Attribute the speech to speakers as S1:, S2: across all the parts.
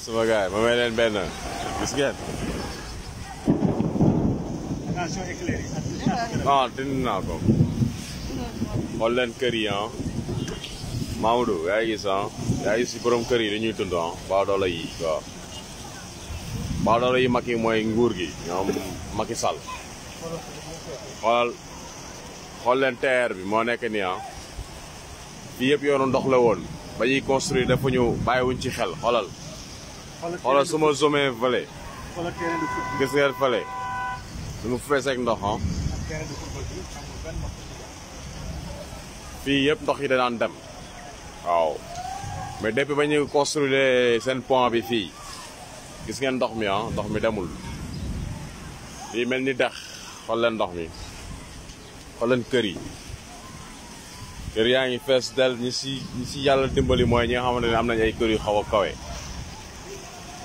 S1: suma ma may leen benn ah. gis ah, ngeen. naa ko. xool leen kër yi ah. Maodo yaa ngi gis ah yaa ngi gis borom kër yi li ñuy dund ah baadoolo yi waaw. baadoolo yi mag yi mooy nguur gi ñoom Macky Sall. xool xool leen TER bi moo nekk nii ah. fii yëpp yoonu ndox la woon ba ñuy construire dafa ñu bàyyiwuñ ci xel xoolal.
S2: xoolal suma
S1: sommet vallée. gis ngeen fale. du mu fees ak ndox ah. fii yëpp ndox yi danaan dem. waaw mais depuis ba ñu construire seen pont bi fii gis ngeen ndox mi ah ndox mi demul. fii mel ni dex xool leen ndox mi xool leen kër yi. kër yaa ngi fees del ñi si ñi si yàlla dimbali mooy ñi nga xamante ne am nañ ay kër yu xaw a kawe.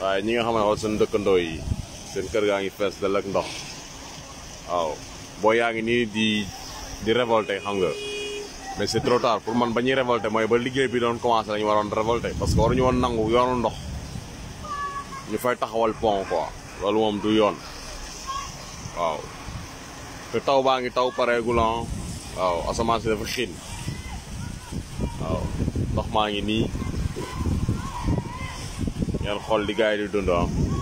S1: waaye ñi nga xam ne seen dëkkandoo yi seen kër gaa ngi fees dal ak ndox waaw boo yaa ngi nii di di révolter xam nga mais c'est trop tard pour man ba ñuy révolter mooy ba liggéey bi doon commencé lañu waroon révolter parce que ñu woon nangu yoonu ndox ñu fay taxawal pont quoi loolu moom du yoon waaw te taw baa ngi taw pareegulan ah. waaw asamaan dafa xiin waaw ndox maa ngi nii ngeen xool li guy yi do dund